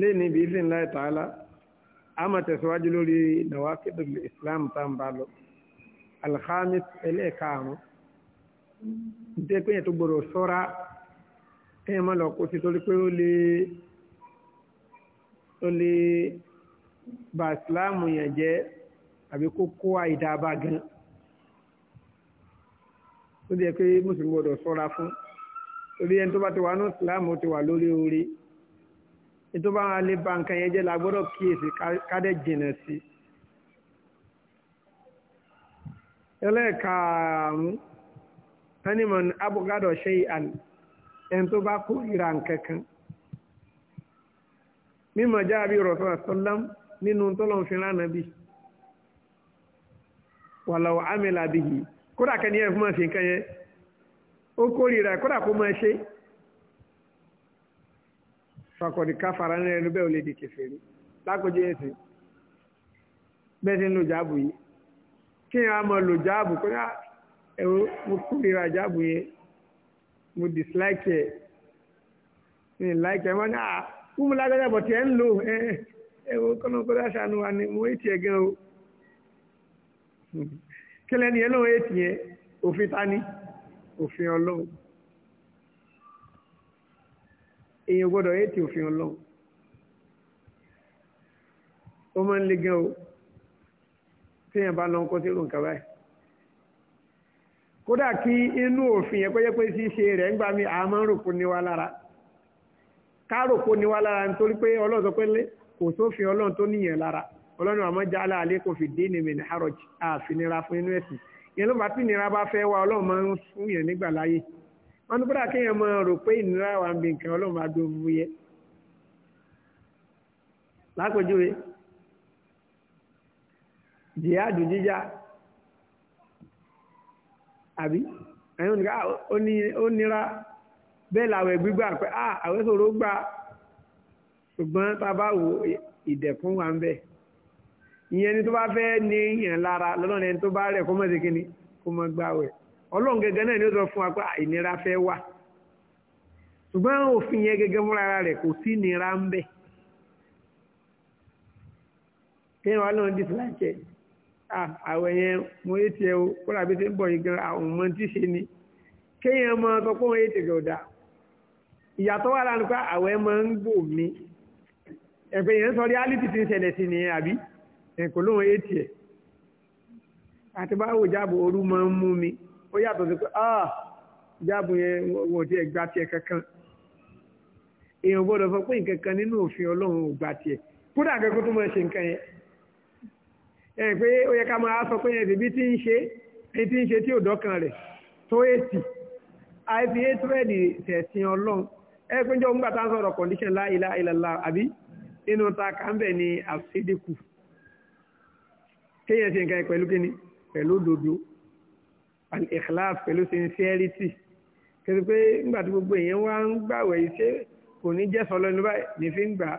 lé ní bí ìsìn láì tààlà a máa tẹ̀síwájú lórí nawaqidul islam tá n bá lọ alhamis ẹlẹ́ẹ̀kaàrún nítorí pé yẹn tó gbọdọ̀ sọ́ra kẹ́yìn má lọ kó sí torí pé ó lè ó lè ba ìsìláàmù yẹn jẹ́ àbí kó kó àìdáàbá gan ó jẹ́ pé mùsùlùmí gbọdọ̀ sọ́ra fún torí ẹni tó bá ti wà ní ìsìláàmù ó ti wà lórí orí tó bá wọn lè ba nǹkan yẹn jẹ́ la gbọ́dọ̀ kíyèsí kádẹ́ jìnà sí. ẹlẹ́ẹ̀kaàrún ẹnìmọ̀n abúgádọ̀ ṣe àn ẹni tó bá kórìíra nǹkan kan. mímọ̀ jáàbí rọ̀fẹ́ àtọ́lám nínú tọ́lọ̀ fi lánàá bì wàlàwọ̀ àmì làbìyì kódà kẹ́ni ẹ̀ fún ọ̀sìn kan yẹn ó kórìíra kódà kó máa ṣe é fakọ̀dì káfàrà ní ẹnu bẹ́ẹ̀ ò lè di kèfèrí lákòjú ẹ̀sìn bẹ́ẹ̀ ti ń lo jáàbù yìí kí ni a mọ̀ lo jáàbù kó yá ah, ẹ̀rọ mo kórìíra jáàbù yẹn mo dislike ẹ̀ mi ì like ẹ̀ wọ́n ní à ah, fún mi lágbájá bọ̀ tí ẹ̀ ń lò ẹ̀ ẹ̀rọ kọ́nà kó mo ètì ẹ̀ gan o kílẹ̀ ni ẹ̀ lóun ètì yẹn òfin ta ni òfin èèyàn gbọ́dọ̀ yé ti òfin ọlọ́run ó máa ń le gan o téèyàn bá lọ kó sírò nǹkan báyìí kódà kí inú òfin yẹn pẹ́yẹ́ pé ṣíṣe rẹ̀ ń gbà mí àmọ́ rògbò níwá lára ká rògbò níwá lára nítorí pé ọlọ́run sọ pé kò sófin ọlọ́run tó níyẹn lára ọlọ́run àmọ́ já aláàlẹ́ kò fi dé nìmẹ̀ ní harrods àfinira fún inú ẹ̀sìn yẹn ló bá tí nira bá fẹ́ wá ọlọ́run máa ń fún yẹn nígbà láyé wọ́n ní kódà kéèyàn mọ rò pé ìnira wà ń bi nǹkan ọlọ́run bá dùn mú yẹ lápèjúwe jihadu jíjà àbí ẹ̀yìn oníkà ó nira bẹ́ẹ̀ làwẹ̀ gbígbà pé àwẹ̀ sòrò gbà ṣùgbọ́n tá a bá wo ìdẹ̀kùn wa ń bẹ̀ ìyẹn ni tó bá fẹ́ ní èèyàn lára lọ́nà ẹni tó bá rẹ̀ kó mọ̀ sí kíni kó mọ̀ gbàwẹ̀ ọlọ́run gẹ́gẹ́ náà ni ó sọ fún wa pé ìnira fẹ́ wà ṣùgbọ́n òfin yẹn gẹ́gẹ́ fúnra rẹ̀ kò sí ìnira ń bẹ̀ kéèyàn wà lóun dìsíláìkẹ́ àwẹ̀ yẹn mo yé tiẹ̀ o kóra bí ti ń bọ̀ yìí gan àwọn ọmọ tí ṣe ni kéèyàn mọ ọkọ pé wọ́n yé tètè ọ̀dà ìyàtọ̀ wà lánàá pé àwẹ̀ máa ń gbò mí ẹ̀pẹ̀ yẹn sọ reality ti ń ṣẹlẹ̀ sí nìyẹn àbí ẹ̀kọ́ lóun yé tiẹ̀ àti báwo jáàbò máa ń mú mi ó yàtọ̀ sí pé ah jáàbù yẹn wò tí ẹ gbá tiẹ̀ kankan èèyàn gbọ́dọ̀ sọ pé nǹkan kan nínú òfin ọlọ́run ò gbá tiẹ̀ kódà kankan tó máa ṣe nǹkan yẹn ẹ pé ó yẹ ká máa sọ pé yẹn tìbí tí ń ṣe èyí tí ń ṣe tí ò dọ́kan rẹ̀ tó èsì àìfi ètúrẹ́ẹ̀dì tẹ̀sìn ọlọ́run ẹ pé jọ ńgbà tá a sọ̀rọ̀ condition la ilaha àbí nínú ta kàńbẹ̀ ni àṣídìkù kéèyàn ṣe nǹkan pẹ̀lú kíni pẹ̀lú òdodo al-ikhlas pẹ̀lú sincerity kẹsì pé nígbà tí gbogbo èèyàn wá ń gbàwẹ̀ iṣẹ́ kò ní jẹ́ sọ lọ́nu báyìí ní fi ń gbà á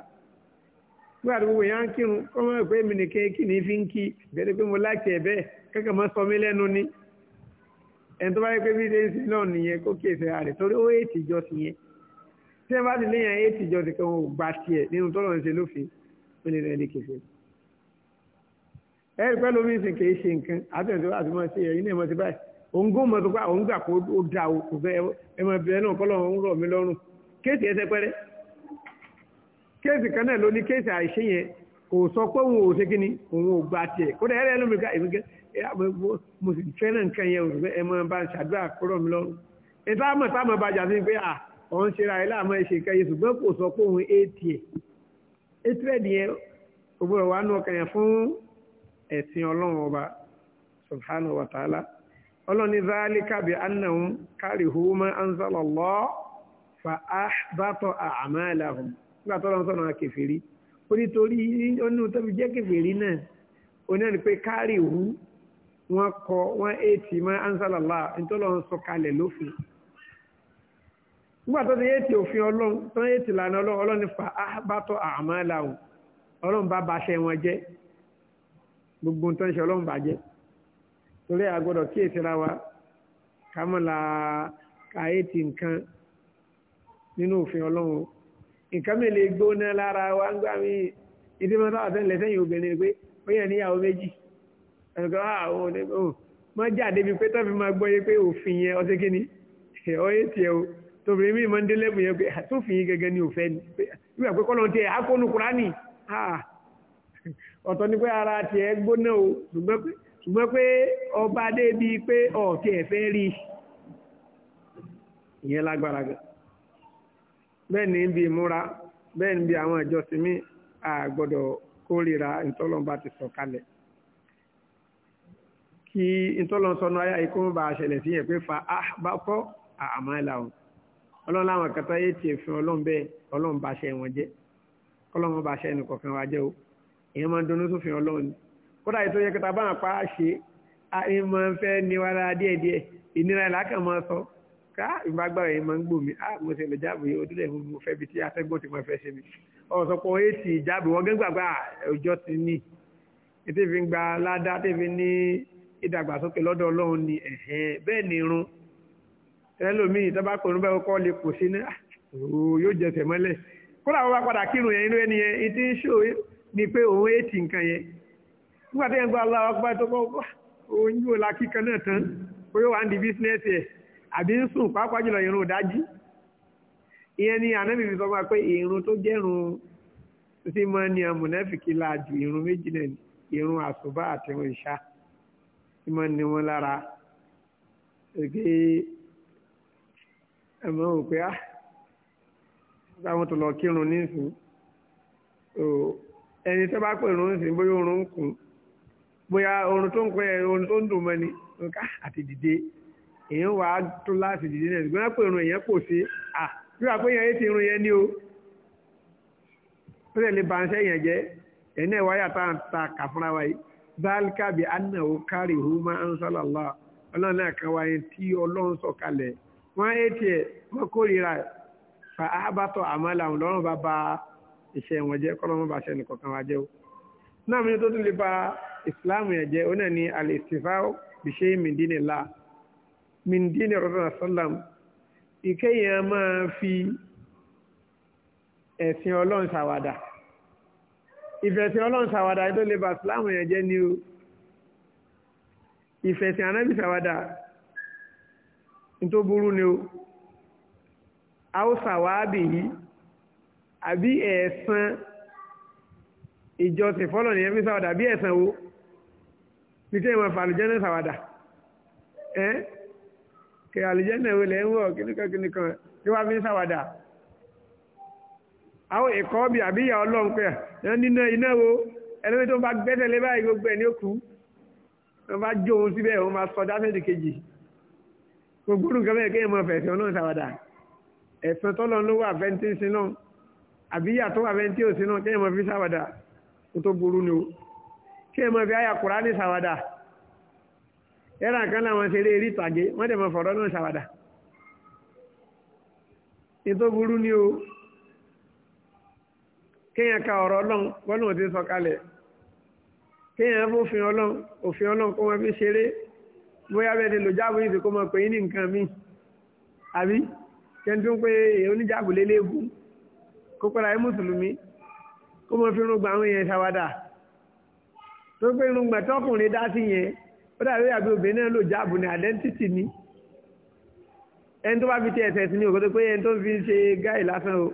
nígbà tí gbogbo èèyàn ń kírun kọ́ mọ́ pé mi nìkan kí ni fi ń kí bẹ́ẹ̀ pé mo láti ẹ̀ bẹ́ẹ̀ kẹ́kẹ́ mọ́ sọ mí lẹ́nu ni ẹni tó bá yẹ pé bí ṣe ń sin náà nìyẹn kó kí èsì rẹ̀ torí ó èètì ìjọsìn yẹn tí ẹ bá ti léyàn èètì ìjọsìn kan ò gbà tiẹ̀ nínú tọ́lọ̀ ń ṣe lófin ó pẹ́ lómi ìsìn kì ṣe nǹkan àtẹ̀síwájú mọ́ sí ẹ̀yìn náà mọ́ sí báyìí òun gún mọ̀ tó pa òun gbà kó ó da òkú fẹ́ ẹ mọ̀ bẹ́ẹ̀ náà kọ́ lọ́wọ́ ń rọ̀ mí lọ́rùn kéèsì ẹsẹ̀ pẹ́rẹ́ kéèsì kan náà ló ní kéèsì àìṣe yẹn kò sọ pé òun ò ṣe kíni òun ò gba tiẹ̀ kó dẹ̀ ẹ̀rẹ́ lómi ká èmi gẹ́ mo sì fẹ́ràn nǹkan yẹn òṣùpẹ́ ẹ mọ̀ bá ń ṣàdúrà kó rọ̀ mí lọ́rùn ìta mọ̀ tá mọ̀ bàjá sí pé à òun ṣe ra ilé àmọ́ é tiẹ̀ é tiẹ̀ nìyẹn òbúrò wa nù ọkàn yẹn fún ẹ̀sìn ọlọ́run ọba subhanahu wa ta'ala ọlọ́ni zálíkà bí annahum karihu ma anzala Allah fa ahbata a'malahum nígbà tó lọ́n sọ̀nà kẹfìrí ó ní torí onú tó fi jẹ́ kẹfìrí náà ó náà ni pé karihu wọn kọ wọn ètì ma anzala Allah nítorí wọn sọ kalẹ̀ lófin nígbà tó ti ètì òfin ọlọ́run tó ń ètì lànà ọlọ́run ọlọ́run ni fa ahbata a'malahum ọlọ́run bá baṣẹ́ wọn jẹ́ gbogbo tó ń ṣe ọlọ́run torí àgbọ̀dọ̀ kíyèsára wa ká mọ̀ la káyé ti nǹkan nínú òfin ọlọ́run nǹkan mi lè gbóná lára wa ń gbà mí ìdí mọ́tò àtẹ́lẹ̀ sẹ́yìn obìnrin pé ó yẹ níyàwó méjì ẹ̀ka àwọn onígbò ah, mọ́ jáde bíi pé tọ́fi máa gbọ́ yé pé òfin yẹn ọtí kínní ọyẹ tiẹ̀ o tòbìrín mi máa ń dé lẹ́bùn yẹn pé àtúfin ah, yín gẹ́gẹ́ ní òfẹ́ ni ìgbà pé kọ́lọ́n tiẹ̀ akónú kúránì ah, ọ̀tọ̀ ni pé ara tiẹ̀ gbóná o ṣùgbọ́n pé ṣùgbọ́n pé ọba débi pé ọ̀tí ẹ̀fẹ́ rí ìyẹn lágbára gan bẹ́ẹ̀ ni bí ìmúra bẹ́ẹ̀ ni bí àwọn ìjọsìn mi a gbọ́dọ̀ kórìíra ìtọ́lọ́mbà ti sọ kalẹ̀ kí ìtọ́lọ́sọnù ayá ikú bá a ṣẹlẹ̀ sí yẹn pé fa ah, bá kọ́ àmọ́ ẹ̀ làwọn ọlọ́run láwọn kẹta yé tiẹ̀ fún ọlọ́run bẹ́ẹ̀ ọlọ́run bá ṣe wọn jẹ́ ọlọ́run bá ṣe ẹnì kọ̀ọ̀kan wa jẹ́ o ìyẹn máa ń dunnú sófin ọlọ́run kódà ètò yẹ kẹta báwọn apá ṣe àìmọ̀ fẹ́ níwára díẹ̀díẹ̀ ìnira ìlàkàn máa sọ ká ìgbàgbára yìí máa ń gbòmí á mo ṣe lè jáàbò yìí ojúlẹ̀ ìhun mo fẹ́ bi tí atẹ́gbọ́n ti máa fẹ́ ṣe mi ọ̀sọ̀pọ̀ èsì ìjáàbò wọ́n gẹ́gbàgbà ọjọ́ ti ní ètò ìfi gba ládá tẹ́fi ní ìdàgbàsókè lọ́dọ̀ ọlọ́run ni ẹ̀hẹ́n bẹ́ẹ̀ ni irun ẹlòmíì tó bá kọrin bẹ́ẹ̀ kọ́ lè pò sí náà yóò jẹsẹ̀ mọ́lẹ̀ kó làwọn bá padà kírun yẹn nígbà tí ẹ̀ ń gba aláwọ̀ akpá tó kọ́ oyin yóò la kíkan náà tán ó yóò wá ń di bísínẹ́sì ẹ̀ àbí ń sùn pàápàá jùlọ ìrun òdájí ìyẹn ni ànábì fi sọ fún wa pé ìrun tó jẹ́run sí mọ́ ni amúnẹ́fìkì la ju ìrun méjì náà ni ìrun àsùbá àti ìrun ìṣá tí mọ́ ni wọ́n lára èké ẹ̀mọ́ ò á táwọn tó lọ kírun nísìn ẹni tó bá pè rún sí bóyá òórùn kùn bóyá oorun tó ń pẹ́ oorun tó ń dùn mọ́ ni nǹka ah, àti dìde èèyàn wà á tó láti dìde náà ṣùgbọ́n pé irun èèyàn pò sí à bí wàá pé èèyàn yéé ti irun yẹn ní o ó tẹ̀lé banṣẹ́ yẹn jẹ́ ẹ̀yìn náà wáyà tá à ń ta kà fúnra wa yìí báàlíkà bíi anáwó kárì húmá ansálàlá ọlọ́run náà kan wáyé tí ọlọ́run sọ̀kalẹ̀ wọ́n á ti ẹ̀ wọ́n kórìíra fa ábátọ̀ àmàlà ọlọ́run bá ba iṣẹ́ wọn jẹ́ kọ́lọ́run ìsìláàmù yẹn jẹ́ ọ̀nà ní alìsìfá bìṣẹ́ mìdínì là mìdínì rọ́dọ̀nà sọ́làm ìkéyìn máa fi ẹ̀sìn ọlọ́run ṣàwàdà ìfẹ̀sìn ọlọ́run ṣàwàdà tó lè ba ìsìláàmù yẹn jẹ́ ni o ìfẹ̀sìn anábì ṣàwàdà tó burú ni o àwòsàwàábì yìí àbí ẹ̀san ìjọsìn fọ́lọ̀ nìyẹn fi sáwọ́dà bí ẹ̀san wo bí kí ẹ̀wọ̀n fàlùjẹ́nà sàwádà ẹ́ kí àlùjẹ́nà ìwé lẹ́ ń wọ̀ kíníkan kíníkan kí wá fi ń sàwádà àwọn ẹ̀kọ́ bí àbíyà ọlọ́run pé ẹ̀ nínú iná wo ẹlẹ́wẹ́ tó bá gbẹ́sẹ̀ lé báyìí gbogbo ẹ̀ ní òkú wọ́n bá jó ohun síbẹ̀ wọ́n máa sọ dáfẹ́dì kejì gbogbo nǹkan bẹ́ẹ̀ kéèyàn mọ fẹ̀sẹ̀ ọlọ́run sàwádà ẹ̀sán tọ́lọ́ ló wà fẹ́ntì sínú àbíyà tó wà fẹ́ntì òsínú kéèyàn mọ fi sàwádà kó tó burú ni o kí ẹ mọ̀ fi àyà Kùránì ṣàwàdà ẹ̀rà kan láwọn ṣeré eré ìtàgé wọ́n dẹ̀ mọ̀ fọ̀rọ̀ náà ṣàwàdà ètò burú ni o kéèyàn ka ọ̀rọ̀ ọlọ́run gbọ́nà ti sọ kalẹ̀ kéèyàn fòfin ọlọ́run òfin ọlọ́run kó wọn fi ṣeré bóyá bẹ́ẹ̀ ni lòjáàbù yìí ti kó mọ pé yín ní nǹkan míì àbí kẹ́ńtú pé oníjàbù lélẹ́gùn kó pẹ́ra ẹ́ mùsùlùmí kó mọ fi rúgba àwọn èèyàn ṣàwádà tó gbé irun gbẹ̀ tọkùnrin dá sí yẹn ó dàbí àbí obìnrin náà lò jáàbù ní àdẹ́ntìtì ni ẹni tó bá fi ti ẹ̀sẹ̀ sí ni òkòtò pé ẹni tó fi ń ṣe gáì lásán o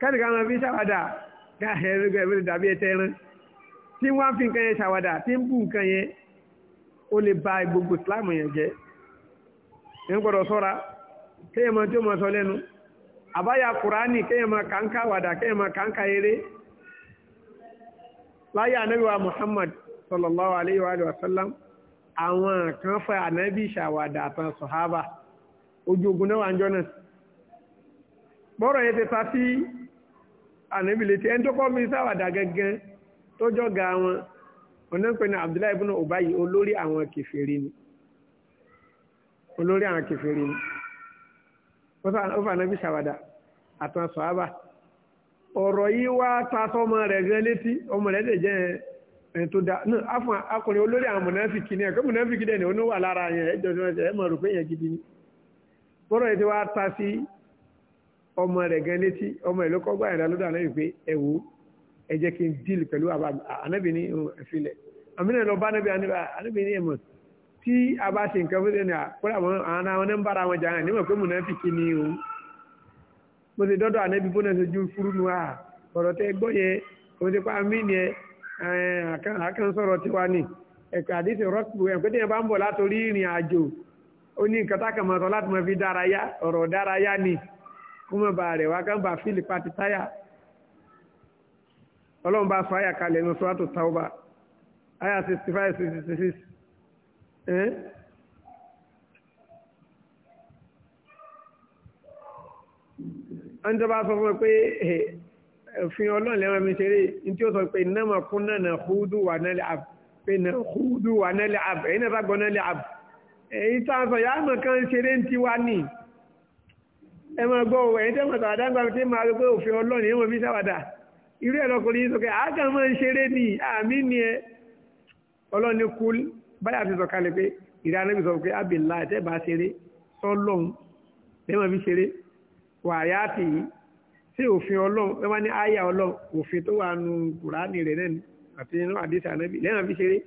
kẹ́nìkà máa fi ṣàwádà gáì ẹ̀rẹ́gbẹ̀ ẹ̀rẹ́ dàbí ẹ̀tẹ́ ẹran tí wọ́n fi nǹkan yẹn ṣàwádà tí ń bù nǹkan yẹn ó lè ba gbogbo ìsìláàmù yẹn jẹ́ ẹ̀ ń gbọ́dọ̀ sọ́ra kéèyàn máa tí ó máa sọ lẹ́nu àbáyà kùránì kéèyàn máa kàńkà wàdà kéèyàn máa kàńkà eré láyé ànábíwá Muhammad sallallahu alayhi wa sallam àwọn kan fa ànábí ìṣàwàdà àtàn sọ̀hábà ojú ogun náà wà ń jọ náà bọ́rọ̀ yẹn ti ta sí ànábí létí ẹni tó kọ́ mi sáwàdà gangan tó jọ́ga wọn ọ̀nà ń pè ní Abdullahi ibn Ubayi olórí àwọn kèfèrí ni olórí àwọn kèfèrí ni ó fa ànábí ìṣàwàdà àtàn sọ̀hábà. ọ̀rọ̀ yìí wá ta sọ́mọ rẹ̀ gan létí ọmọ rẹ̀ lè jẹ́ ẹni tó da náà afọ akọrin olórí àwọn mọ̀nàfíkì ní ẹ̀kọ́ mọ̀nàfíkì dẹ̀ ni ó ní wà lára yẹn wọ́n ṣe ẹ̀ mọ̀ rò pé yẹn gidi ni bọ́rọ̀ yìí ti wá ta sí ọmọ rẹ̀ gan létí ọmọ yìí pé ẹ wò ẹ jẹ́ kí n díìlì pẹ̀lú ànábì ní ìfilẹ̀ àmì ní bó ṣe dọ́dọ̀ ànẹ́bí bó náà ṣe ju fúrú nu àà ọ̀rọ̀ tẹ gbọ́ yẹn òun ti pa míìnì ẹ àkàn sọ̀rọ̀ tiwa ni ẹ̀kọ́ àdìsí rọ́pù ẹ̀ pété yẹn bá ń bọ̀ látòrí ìrìn àjò ó ní nǹkan tákàmọ̀tọ́ láti máa fi dárayá ọ̀rọ̀ dárayá ni kó mọ̀ bá rẹ̀ wá kán bá fílì pati táyà ọlọ́run bá sọ àyà ní sọ́wọ́tò táwọ́ bá àyà sixty five sixty six. wọ́n tó bá sọ fún mi pé òfin ọlọ́run lẹ́wọ̀n mi ṣeré ní tí ó sọ pé náà kún náà nà húdù wà nálẹ̀ àb pé nà húdù wà nálẹ̀ àb èyí náà bá gbọ́ nálẹ̀ àb èyí tá a sọ yà á mọ̀ kán ṣeré ń tiwa nì ẹ máa gbọ́ ẹ̀yìn tẹ́ mọ̀ sàwádà ń gbà pé máa rí pé òfin ọlọ́run yẹn mọ̀ fi sàwádà irú ẹ̀ lọkùnrin yìí sọ pé àákà máa ń ṣeré ní àmì ni ẹ ọlọ́ni kú báyà ti sọ̀kalẹ̀ pé ìdáná sọ pé àbìlà ẹ̀tẹ́ bá ṣeré sọ́lọ́hún lẹ́mọ̀ fi ṣeré wà á yá tì í sí òfin ọlọ́run ẹ máa ní àyà ọlọ́run òfin tó wà nù kùránì rẹ̀ náà àti inú àdìsí ànábì lẹ́yìn àfi ṣeré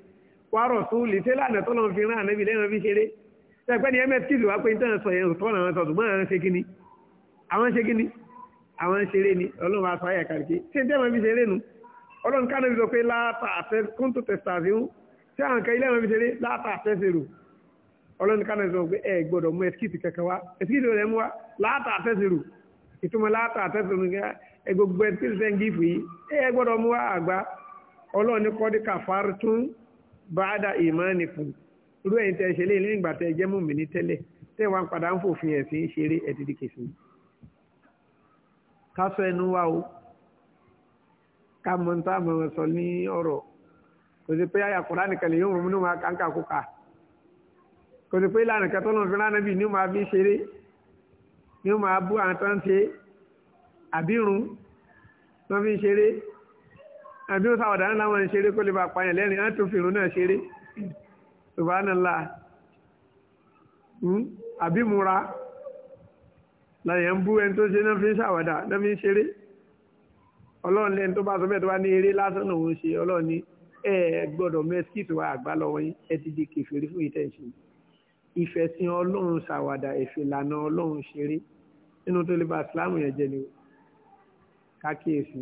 wà á rọ̀ sún lè ṣe lànà tó lọ́n fi rán ànábì lẹ́yìn àfi ṣeré ẹgbẹ́ ni ms kìlù wá pé ní tọ́nà sọ yẹn tọ́nà àwọn sọ̀tún mọ́ ṣe kíni àwọn ṣe kíni àwọn ṣeré ni ọlọ́run aṣọ àyà kàríkì ṣé ní tẹ́wọ̀n fi ṣeré nu ọlọ́run kánà fi sọ pé ọlọ́ni kánà sọ pé ẹ gbọ́dọ̀ mú ẹsikíìtì kankan wá ẹsikíìtì rẹ̀ mú wá láàtà àtẹ́sìrù ìtumọ̀ láàtà àtẹ́sìrù ní ẹ gbogbo ẹsikíìtì sẹ́ ń gífù yìí ẹ gbọ́dọ̀ mú wá àgbá ọlọ́ni kọ́dí kàfàr tún báadà ìmánìkùn irú ẹ̀yin tẹ́ ṣe léyìn nígbà tẹ́ jẹ́ mùmí ní tẹ́lẹ̀ tẹ́ wà ń padà ń fòfin ẹ̀sìn ṣeré ẹ̀dídì kèsì ká ẹnu wa o ká kò sí pé ìlànà kan tọ́lọ́run fi ránà bíi ní máa fi ṣeré ní máa bú àwọn tó ń ṣe àbírun tó fi ń ṣeré àbí ó sáwọ̀dà náà láwọn ń ṣeré kó lè bá pààyàn lẹ́rìn á tó fìrún náà ṣeré subhanallah hmm? àbí múra làyẹ̀ ń bú ẹni tó ṣe náà fi ń ṣàwọ̀dà náà fi ń ṣeré ọlọ́run lẹ́ni tó bá sọ bẹ́ẹ̀ tó bá ní eré lásán lòun ṣe ọlọ́run ní ẹ gbọ́dọ̀ mẹ́síkìtì wa àgbà lọ́wọ́ yín ẹ ti di kèfèrí fún ìtẹ̀sìn ìfẹ̀sìn ọlọ́run ṣàwàdà ìfìlànà ọlọ́run ṣeré nínú tó lè ba ìsìláàmù yẹn jẹ́ ni kákíyèsí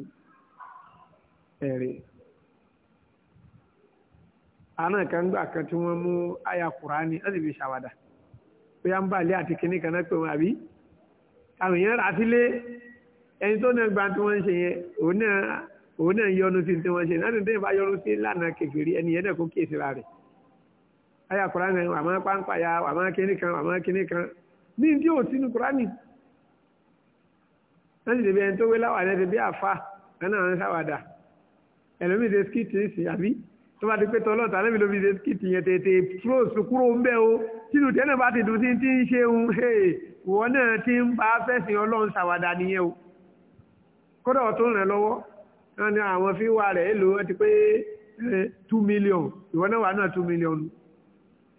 ẹ̀rẹ̀ àánà kan gbà kan tí wọ́n mú àyà kùránì láti fi ṣàwàdà bóyá ń bàlẹ́ àti kínní kan náà pé wọn àbí àwọn èèyàn rà sílé ẹni tó náà gba tí wọ́n ń ṣe yẹn òun náà yọnu sí tí wọ́n ṣe náà tó bá yọnu sí lánàá kékeré ẹni yẹn náà kó kíyèsí ra rẹ̀ àyà kùránì wà máa pàǹpà ya wà máa kíní kan wà máa kíní kan ní ní ò sínú kùránì wọ́n sì débi ẹni tó wé láwàá lẹ́sẹ̀ bí àfa ẹ̀nà àwọn sáwàdà ẹ̀lómi ṣe skit ṣì àbí tó bá ti pé tọ́ lọ́ta lẹ́mi lómi ṣe skit yẹn tètè kúrò sùkúrò ń bẹ́ o tínú tẹ́lẹ̀ bá ti dùn sí ti ń ṣe ń ṣe wọ́n náà ti ń bá fẹ́sìn ọlọ́run sáwàdà nìyẹn o kódà tó ràn lọ́wọ́ wọ́n ní àwọn fíwà rẹ̀ èlò wọ́n ti pé eh, two million ìwọ náà wà náà two million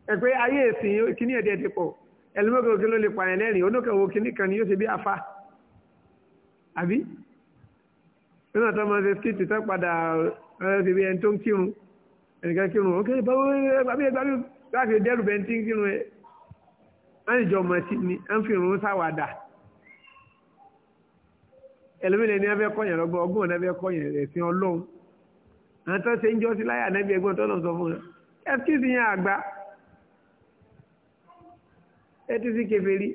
ẹgbẹ́ ayé ìsìn kíní ẹ̀dẹ̀ ti pọ̀ ẹlẹ́mọ̀kẹ́ òkè ló lè pààyàn lẹ́rìn onókèwò kíní kan ni yóò ṣe bí afá àbí nínú àtọ́ máa ṣe skit tó padà ọ̀rẹ́ ti bí ẹni tó ń kírun ẹnìkan kírun òkè báwo gbàgbé gbàgbé láti dẹ́rù bẹ́ẹ̀ tí ń kírun ẹ̀ wọ́n ìjọ mọ̀ sí ni ẹ̀ ń fi irun sáwàdà ẹlẹ́mìnira ni wọ́n fẹ́ lọ́gbọ́n ọgbọ́n náà fẹ́ kọ́ ẹ̀sìn ọlọ́run àwọn tó ṣe ń jọ́ sí láyà náà bí ẹgbọ́n tó lọ sọ fún ẹ ẹ skit yẹn àgbà ẹtí sí kèfèrí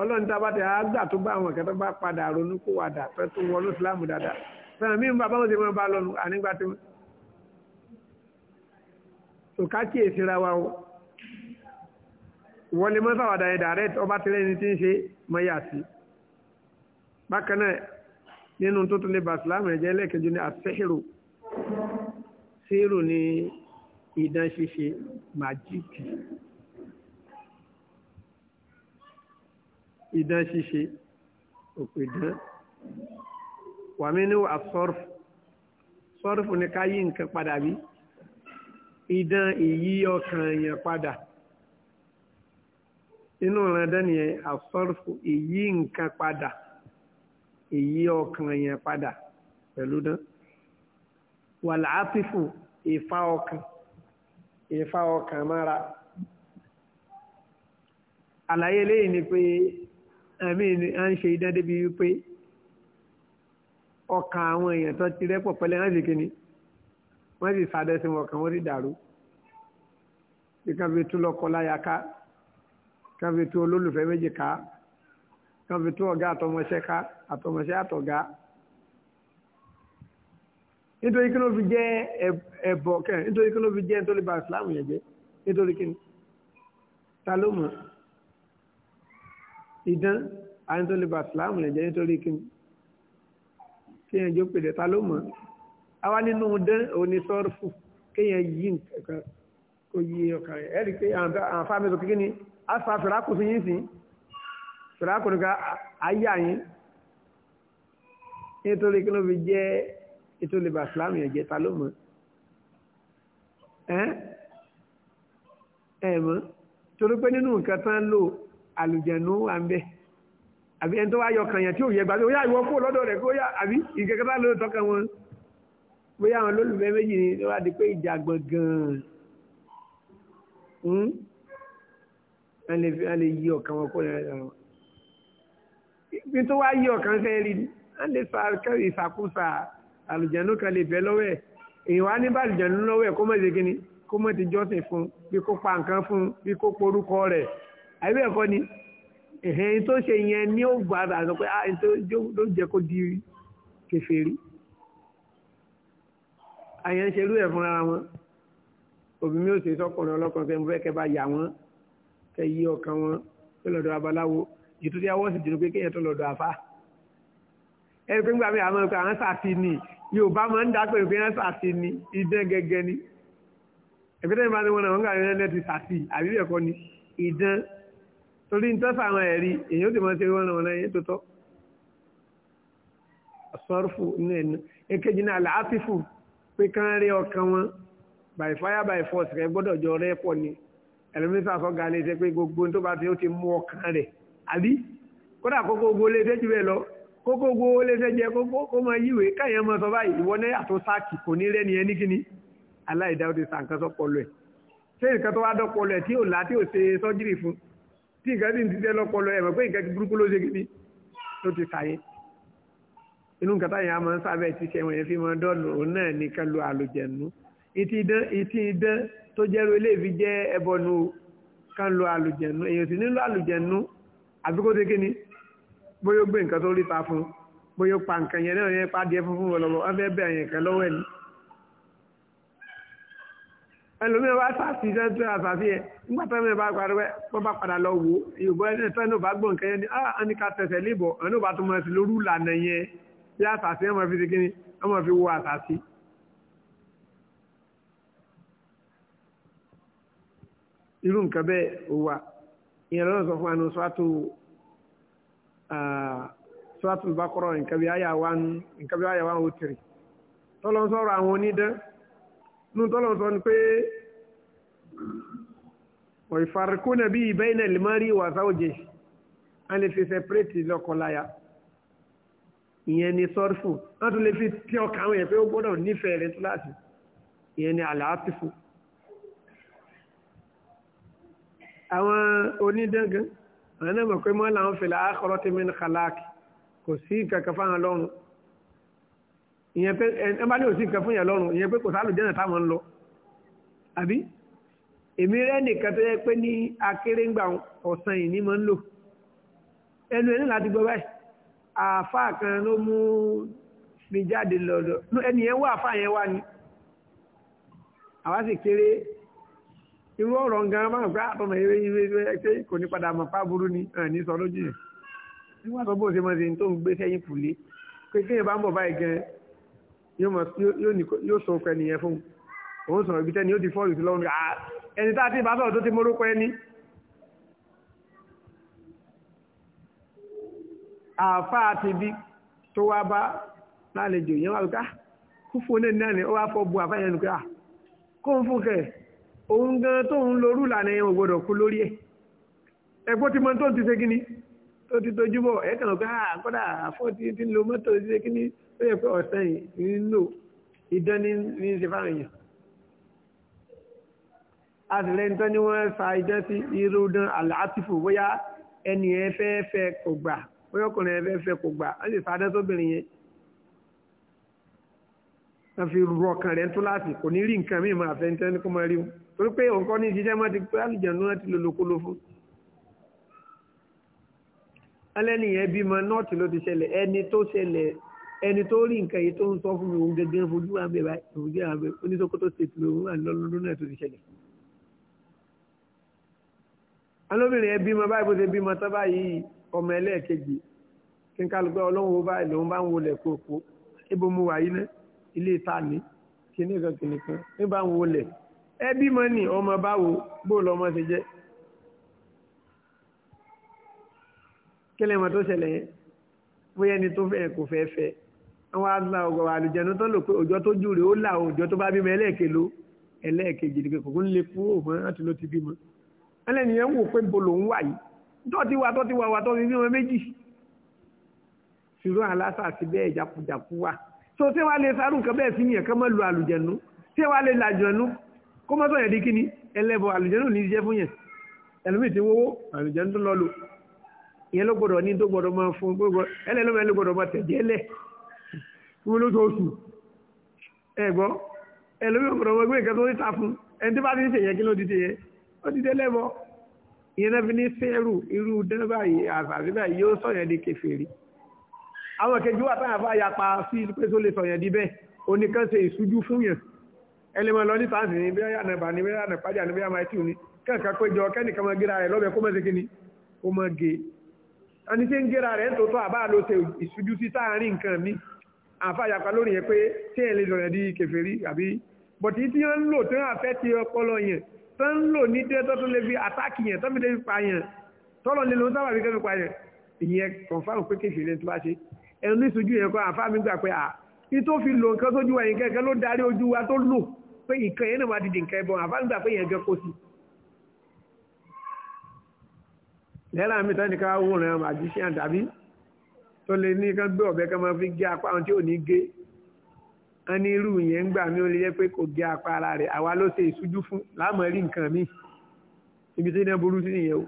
ọlọ́run tá a bá tẹ̀ àgbà tó bá àwọn kẹtọ́ bá padà ronú kó wà dà pẹ́ tó wọlé ìsìláàmù dáadáa sọ̀rọ̀ mí bàbá wọn ti máa bá lọ́nu ànígbà tí wọ́n. tòká kí èsì ra wa o wọlé mọ́sàwádà ẹ̀dà rẹ̀ ọba tẹ́lẹ̀ ní ti ń ṣe mọ́yà sí bákan náà nínú tó lè bá ìsìláàmù ẹ̀jẹ̀ ẹlẹ́kẹ̀jọ ní àṣẹ́hìrò ṣéèrò ní ìdán màjíìkì idán ṣíṣe òpè dán wàmí ní àsọ́rùfù sọ́rùfù ní ká yí nǹkan padà bí idán ìyí ọkàn yẹn padà inú ìrandán nìyẹn àsọ́rùfù ìyí nǹkan padà ìyí ọkàn yẹn padà pẹ̀lú dán wàlàáfífù ìfá ọkàn ìfá ọkàn mára àlàyé lẹ́yìn ni pé àmì à ń ṣe idán débi wípé ọkà àwọn èèyàn tó ti rẹ́pọ̀ pẹ́lẹ́ wọ́n sì kíni wọ́n sì sáré sí wọn kan wọ́n sì dàrú kíkan fi tú lọ́kọ láya ká kíkan fi tú olólùfẹ́ méjì ká kíkan fi tú ọ̀gá àtọmọṣẹ́ ká àtọmọṣẹ́ àtọ̀gá nítorí kí ló fi jẹ́ ẹ̀bọ̀ kẹ́ nítorí kí ló fi jẹ́ nítorí bá ìsìláàmù nítorí kí ta ló mọ̀ ìdán àwọn tó lè bá sàlámù lẹ̀ jẹ́ nítorí kí kéèyàn jó pèlè ta ló mọ̀ àwa nínú dán òní sọ́ọ̀fù kéèyàn yí nǹkan kó yí ọkàn rẹ̀ ẹ̀rí pé àwọn fáwọn mẹ́tò kékeré ni àfa fìràkù sí yín sí fìràkù nìkan ayé àyín nítorí kí ló fi jẹ́ ètò lè bá sàlámù yẹn jẹ́ ta ló mọ̀ ẹ̀ ẹ̀ mọ̀ torí pé nínú nǹkan tán lò àlùjẹ̀nú wà ń bẹ̀ àbí ẹni tó wá yọ kànyàn tí ò yẹ gbà bí ó yá ìwọ kó lọ́dọ̀ rẹ̀ kó yá àbí ìkẹ́kẹ́ta ló tọ́ka wọn bóyá àwọn olólùfẹ́ méjì ni ló wá di pé ìjà gbọ̀ngàn a hmm? lè yí ọ̀kan wọn kó lè rẹ̀ ibi tó wá yí ọ̀kan fẹ́ rí ni a lè fa kẹ́rì ìfàkúfà àlùjẹ̀nú kan lè bẹ́ lọ́wọ́ ẹ̀ èèyàn wá ní àlùjẹ̀nú lọ́wọ́ ẹ̀ kó mọ̀ ti jọ́sìn fún bí kó pa nǹkan fún bí kó porúkọ rẹ̀ àbí ẹ̀kọ́ ni ẹ̀hẹ́n tó ṣe yẹn ní ó gbàdà sọ pé ah tó ló jẹ́ kó di kèfèrí àyẹn ṣerú ẹ̀ fúnra wọn òbí mi ò ṣe sọkùnrin ọlọ́kùnrin pé mo fẹ́ kẹ́ bá yà wọ́n kẹ́ yí ọkàn wọn tó lọ́dọ̀ abaláwo ètò tí a wọ́n sì dìrò pé kéèyàn tó lọ́dọ̀ àfa ẹni pé nígbà mi àwọn ọkọ àwọn sàfi ni Yorùbá máa ń dá pé ìpínlẹ̀ sàfi ni idán gẹ́gẹ́ ni ẹ̀fẹ́ tẹ́lẹ̀ máa ń wọ́n náà wọ́n gbà yẹn lẹ́tì sàfi àbí bẹ́ẹ̀ ni idán torí ń tọ́sà àwọn ẹ̀rí èyí ó ti máa ṣe wọ́n ràn wọ́n lẹ́yìn tó tọ́ sọ́rùfù inú ẹ̀nu èkejì náà làásìfù pé kán rí ọkàn wọn by fire by force rẹ gbọ́dọ̀ jọ rẹ pọ̀ ni ẹlẹ́mísà sọ ga lè ṣe pé gbogbo tó bá ti ó ti mú ọkàn rẹ̀ àbí kódà kókó gbogbo lè ṣe jù bẹ́ẹ̀ lọ kókó gbogbo lè ṣe jẹ kókó kó máa yíwèé káyọ̀ máa sọ báyìí ìwọ náà yàtọ̀ sáàkì kò ní rẹ́ni ẹni kíni aláìdáwọ́ ti sàǹkan sọ́pọ̀ lọ ẹ̀ ṣé nǹkan tó wá dọ́pọ̀ lọ ẹ̀ tí ò lá tí ò ṣe sọ́jírì fún un tí nǹkan ti ń ti tẹ́ lọ́pọlọ ẹ̀ mọ̀ pé nǹkan ti burúkú ló ṣe kí ni ló ti sáyé inú nǹkan táyà máa ń sábẹ́ ti ṣe wọ̀nyẹn fi máa dọ́nù òun náà nìkan lo àlùjẹ̀nu ìtì idán tó jẹ́rú eléyìí jẹ́ ẹbọnu kan lo àlùjẹ̀nu èèyàn sì nílò àlùjẹ̀nu àbí kó ṣe kí bóyá ó gbé nǹkan tó rí ta fún bóyá ó pa nǹkan yẹn náà yẹn pàdé fúnfún wọn lọ́wọ́ wọn fẹ́ bẹ̀rẹ̀ nǹkan lọ́wọ́ ẹ̀ ní ẹlòmíràn wá sàfì sẹ́ńtúrà àfàfì ẹ̀ nígbà tó mẹ́rin bá parí wẹ́ wọ́n bá padà lọ wò ìyòbọ̀ ẹni tó ẹni ò bá gbọ́ nǹkan yẹn ni ah ẹni ká tẹ̀sẹ̀ léèbọ̀ ẹni ò bá tó mọ̀ sí lórú ìlànà yẹn bí àsàsí ọmọ fi kíni ọmọ fi wo àsàsí. irú nǹkan bẹ́ẹ̀ ò wà ìyẹn lọ́nà sọ fún wa ní sọ́tò sọ́tò bá kọ́rọ̀ nǹkan bí àyà ń tẹ̀rì tọ́lọ́ sọ̀rọ̀ àwọn onídán nú tọ́lọ̀ sọ ni pé wọ́n ìfarikó náà bí ìbẹ́yìnà lè máa rí ìwà sáwọ́jẹ́ a lè fi sẹpẹ́rẹ́tì lọ́kọláya ìyẹn ni sọ́rífù wọ́n tún lè fi tí ọkà àwọn èèyàn ó gbọ́dọ̀ nífẹ̀ẹ́ rẹ̀ túláàsì ìyẹn ni àlàáfífù àwọn onídẹ́gàn àwọn náà mọ̀ pé mọ́ làwọn fèlè àkọ́rọ́ tẹ́mẹ́ni kàláàkì kò sí kankan fáwọn ọlọ́run ìyẹn pé ẹ bá ní òsì nǹkan fún yẹn lọ́rùn ìyẹn pé kò sálù jẹ́nà táwọn ń lọ àbí èmi rẹ nìkan tó yẹ pé ní akérèǹgbà ọ̀sán yìí ni mo ń lò ẹnu ẹni láti gbọ́ báyìí àáfàá kan ló mú mi jáde lọ́dọ̀ ẹni yẹn wá àáfàá yẹn wá ni àwa sì kéré irú ọ̀rọ̀ nǹkan máa ń gbá àtọ̀mọ̀ ah, eré ìwé ẹgbẹ́ kò ní padà mọ̀ fáburú ni ní sọ lójú yẹn nígbà tó bó ṣe mọ̀ sí ní tó ń gbé sẹ́yìn fùlé pé bá ń bọ̀ báyìí gan-an yóò sọ ọkọ ẹnìyẹn fún òun sọ̀rọ̀ ibi tẹ́ni yóò ti fọ́ọ̀lù sí lọ́rùn ah, ẹni tá a ti bá sọ̀rọ̀ tó ti mórúkọ ẹni. àáfàá ti bí tó wá bá lálejò yẹn wá lóka kú fún oní náà ni ó wá fọ́ bu àfáà yẹn ó ti tójú bọ̀ ẹ kàn ká ah, kọ́dà fọ́ọ̀tì tí ń lo mọ́tò ṣe kí ni ó yẹ pé ọ̀sán yìí ìdán ní ní ṣe fáwọn èèyàn. a sì lẹ́ni tán ni wọ́n fa ìdán sí irú dán àlàáfífò bóyá ẹnì yẹn fẹ́ fẹ́ kò gbà bóyá ọkùnrin yẹn fẹ́ fẹ́ kò gbà wọ́n sì fa adán sóbìnrin yẹn. wọ́n fi rú ọkàn rẹ̀ tó láti kò ní rí nǹkan mímọ́ àfẹ́ntẹ́ kó máa rí wọn torí pé òǹkọ́ ní ìṣiṣẹ́ mọ́ ti pé àlùjànnú alẹ́ni yẹn bímọ nọ́ọ̀tì ló ti ṣẹlẹ̀ ẹni tó ṣẹlẹ̀ ẹni tó rí nǹkan yìí tó ń sọ fún mi òun gẹ́gẹ́ fojú wa bẹ̀ báyìí fojú wa bẹ̀ oníṣòkòtò state ló wà lọ́dún náà tó ti ṣẹlẹ̀. alóbìnrin yẹn bímọ báyìí bó ṣe bímọ tán báyìí ọmọ ẹlẹ́ẹ̀kejì kí n kálukọ́ ọlọ́run wo báyìí lòun bá ń wọlé kókó ibo mu wà yìí ná ilé ìta ni kíní kan kíní kan níbà ń wọlé ẹ bímọ ni ọmọ kí lè mọ̀ tó ṣẹlẹ̀ yẹn bóyá ẹni tó fẹ́ kò fẹ́ fẹ́ àwọn àgbà ọgọ̀ àlùjẹ̀nu tó lò pé òjò tó jù rè ó là òjò tó bá bímọ ẹlẹ́ẹ̀kelo ẹlẹ́ẹ̀kejì ni kò ń lè fún òun láti ló ti bímọ ẹlẹ́nìyẹn wò pé bolo ń wà yìí tọ́tí wa tọ́tí wa wa tọ́ fi bímọ méjì ṣùgbọ́n aláṣà àti bẹ́ẹ̀ jakujaku wà so ṣé wàá lè sáré nǹkan bẹ́ẹ̀ sí yẹn kán mọ́ lu àlùjẹ̀nu ṣé wàá lè làjọ̀nu kó mọ́tò yẹn di kíni ẹlẹ́bọ̀ àlùjẹ̀nu ní í fún yẹn ẹlòmíì ti wọ́wọ́ àlùjẹ̀nu tó lọ lò ìyẹn ló gbọdọ̀ ní tó gbọdọ̀ máa fún gbogbo ẹlẹ́lọ́mọ ló gbọdọ̀ máa tẹ̀jẹ́ lẹ̀ fún lóṣooṣù ẹ̀gbọ́ ẹlòmí ọ̀gbọ̀dọ̀ máa gbé nǹkan tó ń ta fún ẹni tí bá ti ń ṣèyẹ kí ló dìde yẹ ó dìde lẹ́bọ ìyẹn náà fi ní sẹ́rù irú dẹ́nàbà yìí àfàbí báyìí yóò sọ̀yàn di kèfèrí àwọn kejì wà táyà fà ya pa sí pé tó lè sọ̀yàn di bẹ́ẹ̀ oníkan ṣe ìṣújú fún yàn ẹlẹ́mọ lọ ní tàǹsì ní bí wọ́n yà nàbà ní bí wọ́n yà nàpájà ní bí wọ́n yà máa tì ní kẹ́ẹ̀kan péjọ kẹ́nìkan máa gé ara rẹ̀ lọ́bẹ̀ kó mọ̀ sí kíni ó máa gé e ẹni tí ń gẹ́ra rẹ̀ ń tòótọ́ àbá ló ṣe ìṣújú sí sáàárín nǹkan mi àfàyàpá lórí yẹn pé tí ẹ̀ lè lọ̀rẹ̀ di kèfèrí àbí bọ̀tí tí wọ́n ń lò tí wọ́n fẹ́ ti ọpọlọ yẹn tó ń lò ní tẹ́ tó tó lè fi àtáàkì yẹn tó fi lè fi pa yẹn tọ́lọ̀ lè lo sábà fi kẹ́ fi pa yẹn ìyẹn kọ̀ǹfàmù pé kèfèrí tó bá ṣe ẹnu ní ìṣújú yẹn kọ́ àfàmì pé à lo nǹkan sójú wa yẹn kẹ́kẹ́ ló darí ojú wa lẹ́la mi tán ní ká wò rẹ̀ magician tàbí tó lè ní kán gbé ọ̀bẹ kán máa fi gé apá àwọn tí ò ní gé a ní irú yẹn ń gbà mí ó lè jẹ́ pé kò gé apá ara rẹ̀ àwa ló ṣe ìṣújú fún láàmọ́ rí nǹkan mi ibi tí iná burú sí nìyẹn o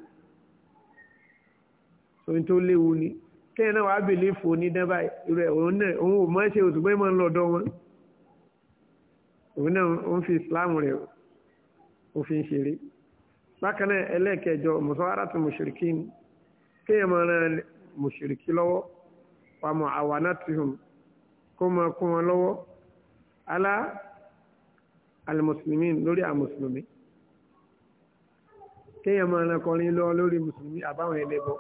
ohun tó léwu ni kẹ́yìn náà wàá bèlè fò ní dábàá irú ẹ̀ òun náà òun ò mọ̀ ṣe òtúgbọ́n ìmọ̀ ńlọ́dọ̀ wọn òun náà òun fi Islam rẹ̀ òfin ṣeré bákan náà ẹlẹ́ẹ̀kẹjọ musawaratu mushrikin kéèyàn máa ran mushriki lọ́wọ́ wa mu'awanatuhum kó máa kún wọn lọ́wọ́ alá alimusulmi lórí àmusulmi kéèyàn máa ran kọrin lọ lórí musulmi àbáwọn ẹlẹ́bọ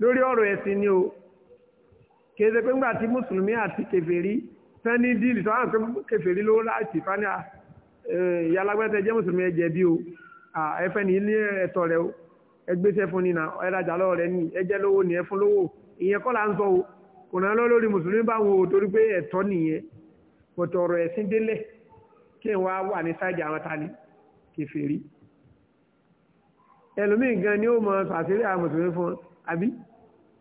lórí ọ̀rọ̀ ẹ̀sìn ni o kéde pé ńgbà tí musulmi àti kèfèrí tán ní díìlì tó wà ń pè kèfèrí ló láti fáníà ìyá alágbàtà mùsùlùmí ẹjẹ́ bí o ẹfẹ́ ní ilé ẹ̀tọ́ rẹ o ẹgbẹ́sẹ̀ fún nínà ẹ̀rajà lọ́wọ́ rẹ ní ẹjẹ́ lówó ní ẹfún lówó ìyẹn kọ́ ń sọ o kò náà lọ lórí mùsùlùmí bá wọn o torí pé ẹ̀tọ́ nìyẹn pọ̀tọ̀ ọ̀rọ̀ ẹ̀sìn délẹ̀ kí n wá wà ní àwọn gan ni ó mọ mùsùlùmí fún àbí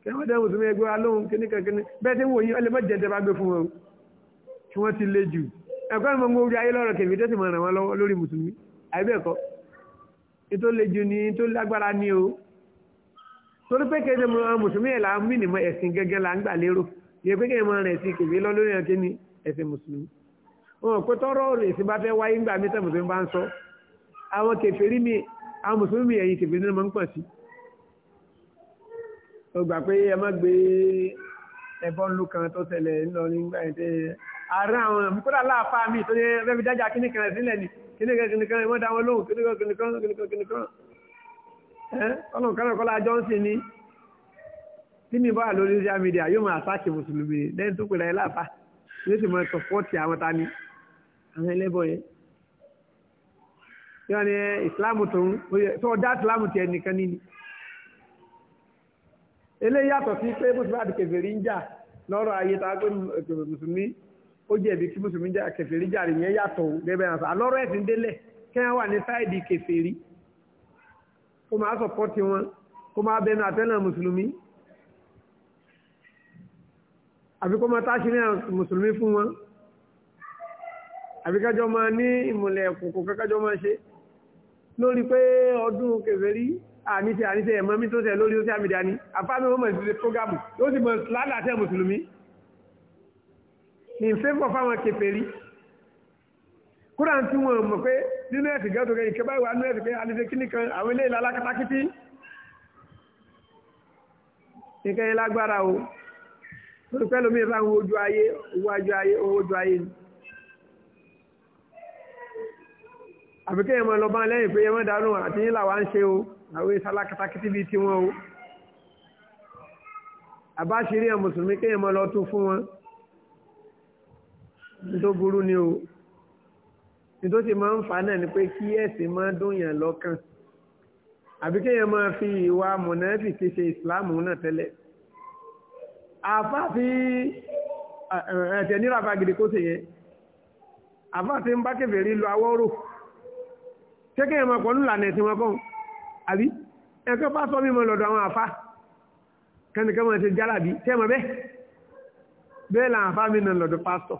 kẹwọn dẹ mùsùlùmí wa lóhun kíníkan kíní ẹ̀kọ́ ni mo ń gbórí ayé lọ́rọ̀ kèmí tó sì mọ̀ ràn wọ́n lọ́wọ́ lórí mùsùlùmí àìbẹ́ẹ̀kọ́ tó le ju ni tó lágbára ni o torí pé kéde mọ mùsùlùmí ẹ̀ là ń mí nìmọ̀ ẹ̀sìn gẹ́gẹ́ là ń gbà lérò yẹ pé kéde mọ rẹ̀ sí kèmí lọ lórí ẹ̀kẹ́ ni ẹ̀sìn mùsùlùmí wọn pé tọrọ èsì bá fẹ́ wáyé ńgbà mi tẹ́ mùsùlùmí bá ń sọ àwọn kèfèrí mi àwọn mùsùlùmí mi ẹ̀yìn kèfèrí àárín àwọn kódà láàpá mi tó ní rẹ́bí dájà kí nìkan sílẹ̀ ni kí nìkan kí nìkan wọ́n dá wọn lóhùn kí nìkan kí nìkan kí nìkan kí nìkan ọlọ́run kọ́nà kọ́lá johnson ni tí mi bá lórí social media yóò máa sáàkì mùsùlùmí lẹ́yìn tó pèrè láàpá yóò sì máa sọ̀pọ́ọ̀tì àwọn ta ni àwọn ẹlẹ́bọ̀ yẹn yóò ní ìsìláàmù tó ń tó ọjà ìsìláàmù tiẹ̀ nìkan ní ni eléyàtọ̀ sí pé bó ti bá di kèfèrí ń jà lọ́rọ̀ ayé ta pé mùsùlùmí ó jẹ̀bi kí mùsùlùmí jẹ́ kèfèrí jàre yẹn yàtọ̀ gẹ́gẹ́ náà alọ́rọ̀ ẹ̀sìn délẹ̀ kí wọ́n wà ní sáìdì kèfèrí kó máa sọ̀pọ́tì wọn kó máa bẹnu àtẹ́lẹ̀ mùsùlùmí àbí kó máa táṣírí mùsùlùmí fún wọn àbí kájọ máa ní ìmùlẹ̀ kòkò kájọ máa ṣe lórí pé ọdún kèfèrí àníṣe àníṣe ẹ̀mọ́mí tó ṣe lórí ó sí àmì programu ó sì mọ̀ lálàáṣẹ́ in favour fáwọn kèfèrí kúrò àti wọn mọ̀ pé nínú ẹ̀sìn gẹ́gẹ́ tó kẹ́ ìkẹ́ báyìí wà nínú ẹ̀sìn pé alẹ́sẹ̀ kí nìkan àwọn ilé ìlàlá katakítí nìkan yẹn lágbára o lórí pẹ́ lómi ìfà àwọn ojú ayé owó ojú ayé owó ojú ayé ni àbíkẹ́ yẹn àbáṣírí ẹ̀ mùsùlùmí kéèyàn lọ tún fún wọn tó burú ni o nítorí máa ń fa náà ni pé kí ẹ̀sìn máa dùn yàn lọ́kàn àbí kéèyàn máa fi ìwà mọ̀nẹ́fìkì ṣe ìsìláàmù náà tẹ́lẹ̀ àfáàfi ẹ̀tẹ̀ nírà fagidi kó ṣe yẹn àfáàfi ń bá kèfèrí lu awọ́rò ṣé kéèyàn máa pọ̀ nílànà ẹ̀sìn wọn kàn àbí ẹ̀kọ́ bá sọ mímọ lọ́dọ̀ àwọn àfá kẹ́nìkan máa ṣe jálàbí tẹ́ mọ̀ bẹ́ẹ̀ bẹ́ẹ̀ làwọn àfá mi nà lọ́dọ̀ pásítọ̀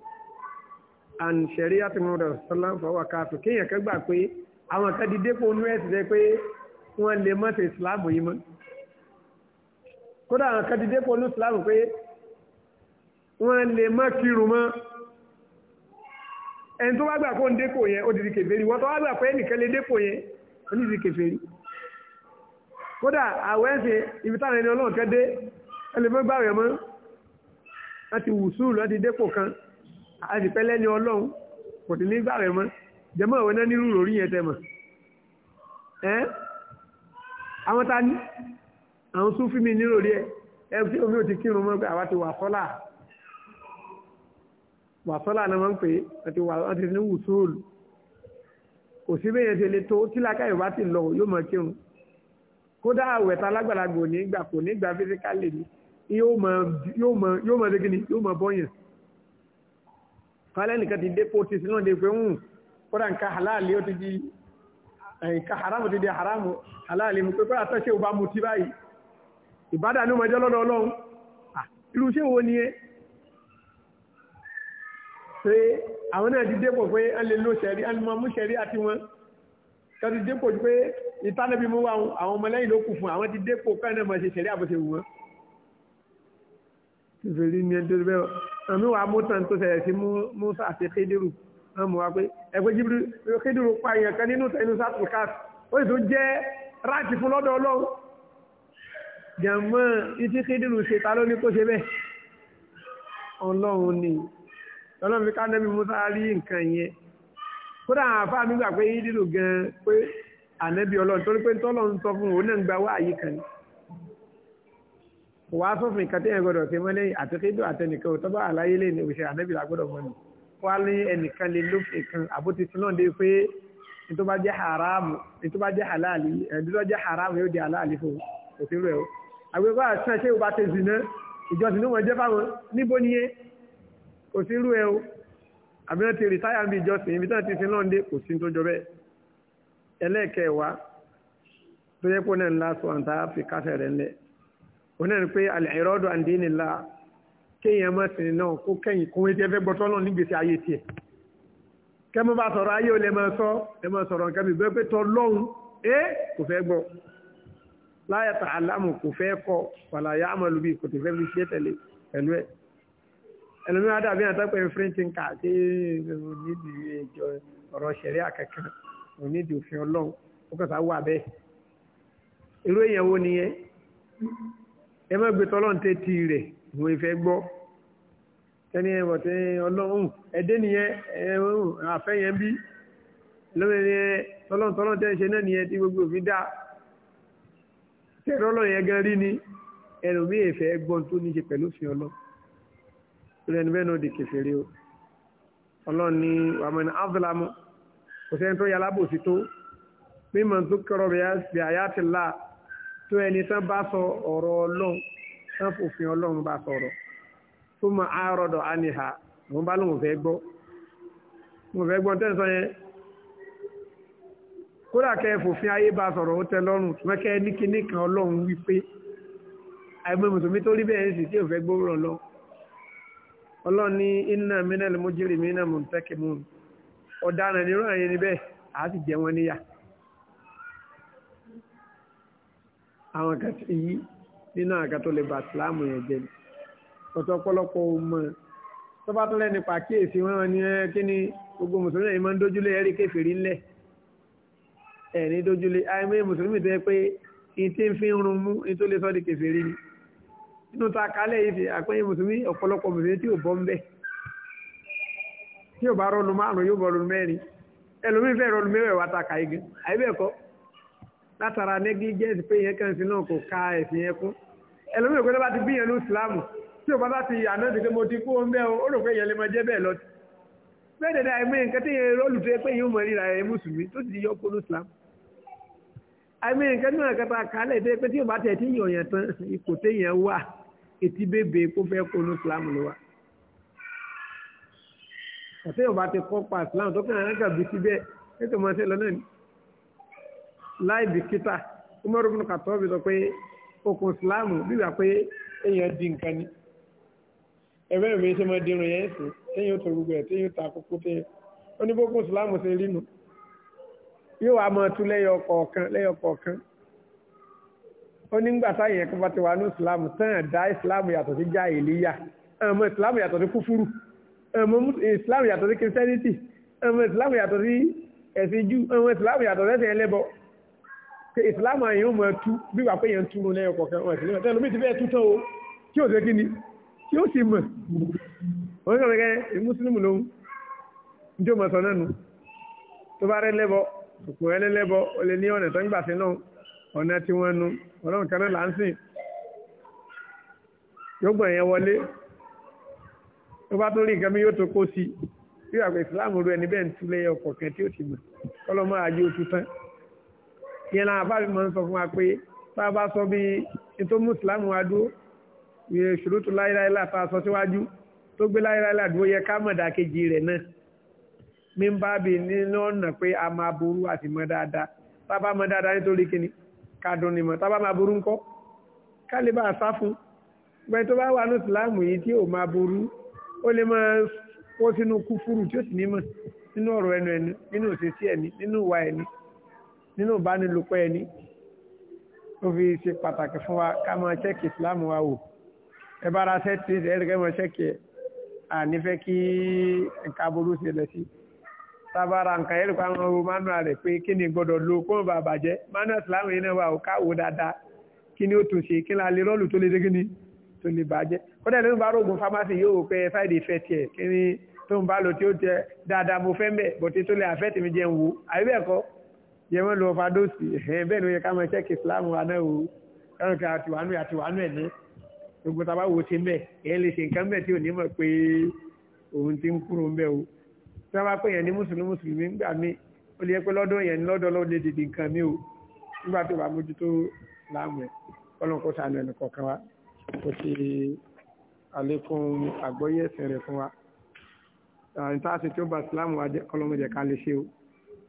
and sharia ti mọ̀ rẹ̀ sọ́lá fọwọ́ káàtó kéèyàn kan gbà pé àwọn kan di dépò inú ẹ̀ ti rẹ̀ pé wọ́n lè mọ́ sí islam yìí mọ́ kódà àwọn kan di dépò inú islam pé wọ́n lè mọ́ kírun mọ́ ẹni tó wá gbà kó ń dépò yẹn ó di di kèfèrí wọ́n tó wá gbà pé ẹnìkan lè dépò yẹn ó di di kèfèrí kódà àwọ̀ ẹ̀sìn ibi táwọn ẹni ọlọ́run kan dé ẹlẹ́mọ́gbà rẹ̀ mọ́ láti wùsùlù láti dépò kan a sì pẹ́ lẹ́ni ọlọ́run kò tí ní gbà rẹ̀ mọ́ jẹmọ́ ìwé náà nírú lórí yẹn tẹmọ̀ ẹ́ àwọn ta ní àwọn tún fún mi nírò rí ẹ ẹ tí omi ò ti kírun mọ́ pé àwa ti wà sọ́là wà sọ́là náà máa ń pè é àti wà wọ́n ti ní wùsùlù kò sí bẹ́ẹ̀ yẹn ti le tó tí lákàyè bá ti lọ yóò máa kírun kódà àwẹ̀ ta lágbàlagbò ní gbà kò ní gbà ni yóò máa yóò máa yóò máa kọ́lẹ́ nìkan ti dé pòtì sínú ọdẹ pé ń hmm, kódà nǹkan halali ó ti di eh, nǹkan haramu ti di haramu halali mú pé kódà tọ́ṣe òbá mu ti báyìí ìbádà ní ọmọdé lọ́dọ̀ ọlọ́run ah, irú ṣé wo ni ẹ pé àwọn náà ti dépò pé a lè lo ṣẹ̀rí a lè mọ mú ṣẹ̀rí àti wọn tó ti dépò pé ìtànàbí mú wa àwọn ọmọlẹ́yìn ló kù fún àwọn ti dépò pẹ́ẹ́nà ìfèrí ni ẹni tó ti bẹ́ẹ̀ àmì wàá mú tán tó ṣẹlẹ̀ sí Musa àti Kédérù wọn wa pé ẹgbẹ́ jíbiri Kédérù pa èèyàn kan nínú inú sátìlù káàsì ó sì tó jẹ́ ráàtì fún lọ́dọ̀ Ọlọ́run jàmọ́ ìtí Kédérù ṣe ta ló ní kó ṣe bẹ́ẹ̀ Ọlọ́run ni Ọlọ́run fi ká nẹ́bí Musa rí nǹkan yẹn kódà àwọn mi gbà pé yídìrú gan pé ànẹ́bí Ọlọ́run torí pé tọ́lọ́run sọ fún òun náà gba wáyé kan ni wà á sófin kan téèyàn gbọdọ̀ ṣe mọ́ lẹ́yìn àtẹ̀kédò àtẹnìkan tó bá àlàyé lè ní òṣèré ànábì lágbọ́dọ̀ mọ́ ni wà ní ẹnìkan lè lófin kan àbótí tí náà dé pé nítorí bá jẹ́ haramu nítorí bá jẹ́ halali nítorí bá jẹ́ haramu yóò di halali fún òfin rẹ̀ o àgbẹ̀kọ́ àti ṣe ìwà ti zìnà ìjọsìn níwọ̀n jẹ́ fáwọn níbo ni yé kò sí irú ẹ o àbí wọn ti rìtáyà bí ìjọsìn ibi táwọn ti sin náà kò sí tó jọ bẹ́ẹ̀ ẹlẹ́ẹ̀kẹ́ wa tó yẹ kó náà ńlá sọ àǹtá fi kásẹ̀ rẹ̀ ńlẹ̀ oní ẹni pé al-i'radu an dinillah kéèyàn mọ́ sí náà kó kẹ́yìn kó wé tí ẹ fẹ́ gbọ́tọ́ náà nígbèsè ayé tiẹ̀ kẹ́mọ́ bá sọ̀rọ̀ ayé ò lè máa sọ lè máa sọ̀rọ̀ nǹkan bíi bẹ́ẹ̀ pé tọ́ lọ́hùn ẹ́ kò fẹ́ gbọ́ la yata'allamu kò fẹ́ kọ́ wala ya'malu bi kò tó fẹ́ fi ṣe tẹ̀lé pẹ̀lú ẹ̀ ẹlòmí wa dàbí àtàkùn ẹ̀fíríntì ńkà tí onídìí ẹjọ ọ̀rọ̀ ṣẹ̀rí àkẹ́kẹ́ onídìí òfin ọlọ́run ó kàn sá wà bẹ́ẹ̀ irú èèyàn wo nìyẹn ẹ má gbé tọ́lọ́ǹtẹ́ ti rẹ̀ wọ́n ìfẹ́ gbọ́ tẹ́ni ẹ̀wọ̀ tí ọlọ́run ẹ̀dẹ́ nìyẹn ẹ̀hún àfẹ́yẹn bí lọ́wọ́n tọ́lọ́ǹtẹ́ ṣe náà nìyẹn tí gbogbo òfin dá tẹ́rọ́lọ́ yẹn gan rí ni ẹnu mi ìfẹ́ gbọ́ tó ní ṣe pẹ̀lú òfin ọlọ́ lẹ́nu bẹ́ẹ̀ náà di kẹfẹ́rẹ́ o ọlọ́run ni wàmọ́ni áfúlámù kò sẹ́ni tó yà lábòsí tó mímọ́ tó kọ́rọ̀ bẹ̀yà tó ẹni tán bá sọ ọ̀rọ̀ ọlọ́run tán fòfin ọlọ́run bá sọ̀rọ̀ tó mọ àárọ̀dọ̀ àníhà òun bá lóun fẹ́ gbọ́ mo fẹ́ gbọ́ tẹ́sán yẹn kódà kẹ́ fòfin ayé bá sọ̀rọ̀ ó tẹ lọ́rùn ṣùgbọ́n kẹ́ ní kinní kan ọlọ́run wípé àìmọ̀ mùsùlùmí tó rí bẹ́ẹ̀ sì tí ò fẹ́ gbóòrò lọ ọlọ́run ní iná mínẹ́lì mójúrì mínà mùtẹ́kì mùn ọ̀daràn nírọ̀ àyè níbẹ̀ àá sì jẹ wọn níyà àwọn kan ti yí nínú àga tó lè ba ìsìláàmù yẹn jẹ ọ̀tọ̀ ọ̀pọ̀lọpọ̀ ò tó bá tún lẹ́nu pàkíyèsí wọn ni kí ni gbogbo mùsùlùmí ẹ̀yin máa ń dójúlé ẹ̀rí kèfèrí ńlẹ̀ ẹ̀ní dójúlé àìmọ́ mùsùlùmí tó yẹ pé ìtí ń fi ń run mú ní tó lè sọ di kèfèrí ni nínú ta kálẹ̀ yìí fi àpẹ́yìn mùsùlùmí ọ̀pọ̀lọpọ̀ mùsùlùmí tí ò bọ́ ń bẹ̀ tí ò bá rọnu márùn yóò bọ́ rọnu mẹ́rin ẹlòmíì fẹ́ rọnu mẹ́wẹ̀ẹ́ wá ta kàyé gan àyè bẹ́ẹ̀ kọ́ látara negligence pé yẹn kẹ́hìn sí náà kò ka ẹ̀sìn yẹn kún ẹlòmíràn pé ló bá ti bí yẹn ní ìsìlámù tí òbá bá ti ànábì pé mo ti kú ó ń bẹ́ ó rò pé yẹn lè máa jẹ́ bẹ́ẹ̀ lọ bẹ́ẹ̀ dẹ̀dẹ̀ àìmọ́ nǹkan tí yẹn rọ́ọ̀lù tó yẹ pé yẹn ó mọ ríra ẹ̀ mùsùlùmí tó ti yọ kó ní ìsìlámù àìmọ́ nǹkan náà kẹta kálẹ̀ tó yẹ pé tí òbá tẹ̀ tí yọ̀ yẹn tán ipò téèyàn wà etí bèbè kó fẹ́ kó ní ló wà àti òbá ti kọ́ pa ìsìlámù tó kàn án kàbí síbẹ̀ ètò mọ́tẹ́ lọ náà ni láì bìkítà Umar ibn Khattab sọ pé okùn ìsìláàmù bíbà pé èèyàn di nǹkan ni ẹ̀rọ ìwé ṣe máa dirun yẹn sí téèyàn tó gbogbo ẹ̀ téèyàn ta kókó téèyàn oníbókùn ìsìláàmù ṣe rí nu yóò wá máa tú lẹ́yọ kọ̀ọ̀kan lẹ́yọ kọ̀ọ̀kan ó nígbà táyẹn kan bá ti wà ní ìsìláàmù tán dá ìsìláàmù yàtọ̀ sí jàhílíyà àmọ́ ìsìláàmù yàtọ̀ sí kúfúrú àmọ́ ìsìláàmù yàtọ̀ sí kìrìsìtẹ́nìtì àmọ́ ìsìláàmù yàtọ̀ sí ẹ̀sìn jù àmọ́ ìsìláàmù yàtọ̀ sẹ́sìn ẹlẹ́bọ pé ìsìláàmù àyìn ó mọ̀ ẹ̀tú bí wà pé yẹn túnú lẹ́yọ kọ̀ọ̀kan wọn ìsìláàmù tẹ́lẹ̀ omi ti fẹ́ tú tán o tí ò sí kí ni tí ó sì mọ̀ wọ́n sọ pé mùsùlùmí lòun njó mọ̀ sọ náà nu tó bá rẹ lẹ́bọ òkú rẹ lẹ́bọ o lè ní ọ̀nà tó ń gbà sí náà ọ̀nà tí wọ́n nu ọlọ́run kan náà là ń sìn yóò gbọ̀n yẹn wọlé tó bá tó rí nǹkan mi yóò tó kó sí bí wà pé ìsìláàmù ru ẹni bẹ́ẹ̀ ń tú lẹ́yọ kọ̀ọ̀kan tí ó sì mọ̀ kọ́lọ́ máa yí ìyẹn làwọn afáàbí máa ń sọ fún wa pé tá a bá sọ bí ètò mùsùlùmí wa dúró ìyẹn ìṣòro tó láyéláyélá tá a sọ síwájú tó gbé láyéláyélá dúró yẹ ká mọ̀ dákejì rẹ̀ náà mi ń bá bi nínú ọ̀nà pé a máa burú àti mọ̀ dáadáa tá a bá mọ̀ dáadáa nítorí kíni ká dùn ní mọ̀ tá a bá máa burú ńkọ́ ká lè bá a sá fún gbẹ̀yìn tó bá wà ní ìsìláàmù yìí tí ò máa burú ó lè máa kó sínú kúfúrú tí ó sì ní mọ̀ nínú ọ̀rọ̀ ẹnu ẹni nínú òṣèṣì ẹni nínú ìwà ẹni nínú ìbánilòpọ̀ ẹni ó fi ṣe pàtàkì fún wa ká máa ṣẹ́kì ìsìláàmù wa wò ẹ sẹ́tì ẹ̀ẹ́dẹ́gbẹ́ máa ṣẹ́kì ẹ̀ ànífẹ́ kí nǹkan aburú ṣẹlẹ̀ sí tábàrà nǹkan ẹ̀rù pa àwọn ohun manual rẹ̀ pé kí ni gbọ́dọ̀ lo kó ń bà bàjẹ́ manual ìsìláàmù yìí náà wà ó káwò dáadáa kí ni ó tún ṣe kí ni a lè rọ́ọ̀lù tó lè dé kí ni tó lè bàjẹ́ kódà ló ń bá rògùn pharmacy yóò pẹ́ side effect ẹ̀ kí ni tó ń bá lò tí ó tẹ dáadáa mo fẹ́ mẹ́ bọ̀tí tó lè affect mi jẹun wò àbí bẹ́ẹ̀ yẹ wọ́n lo ọ̀fadọ́sì ẹ̀hìn bẹ́ẹ̀ ni ó yẹ ká máa ṣẹ́kì islam wa náà o ẹ̀rọ kí àtiwánú àtiwánú ẹ̀ ní gbogbo tá a bá wo ṣe mbẹ́ ẹ̀ lè ṣe nǹkan mbẹ́ tí ò ní mọ̀ pé òun ti ń kúrò mbẹ́ o tí wọ́n bá pè yẹn ní mùsùlùmí mùsùlùmí ńgbà mi ó lè yẹ pé lọ́dọ̀ yẹn lọ́dọ̀ lọ́dọ̀ lè dìde nǹkan mi o nígbà tó bá mójútó láàmú ẹ̀ ọlọ́run sànù ẹnì kọ̀ọ̀kan wa kó ṣe àlékún àgbọ́yé ẹ̀sìn rẹ̀ fún wa ìtaàsì tó bá islam wa ọlọ́mọdé ká lè ṣe o.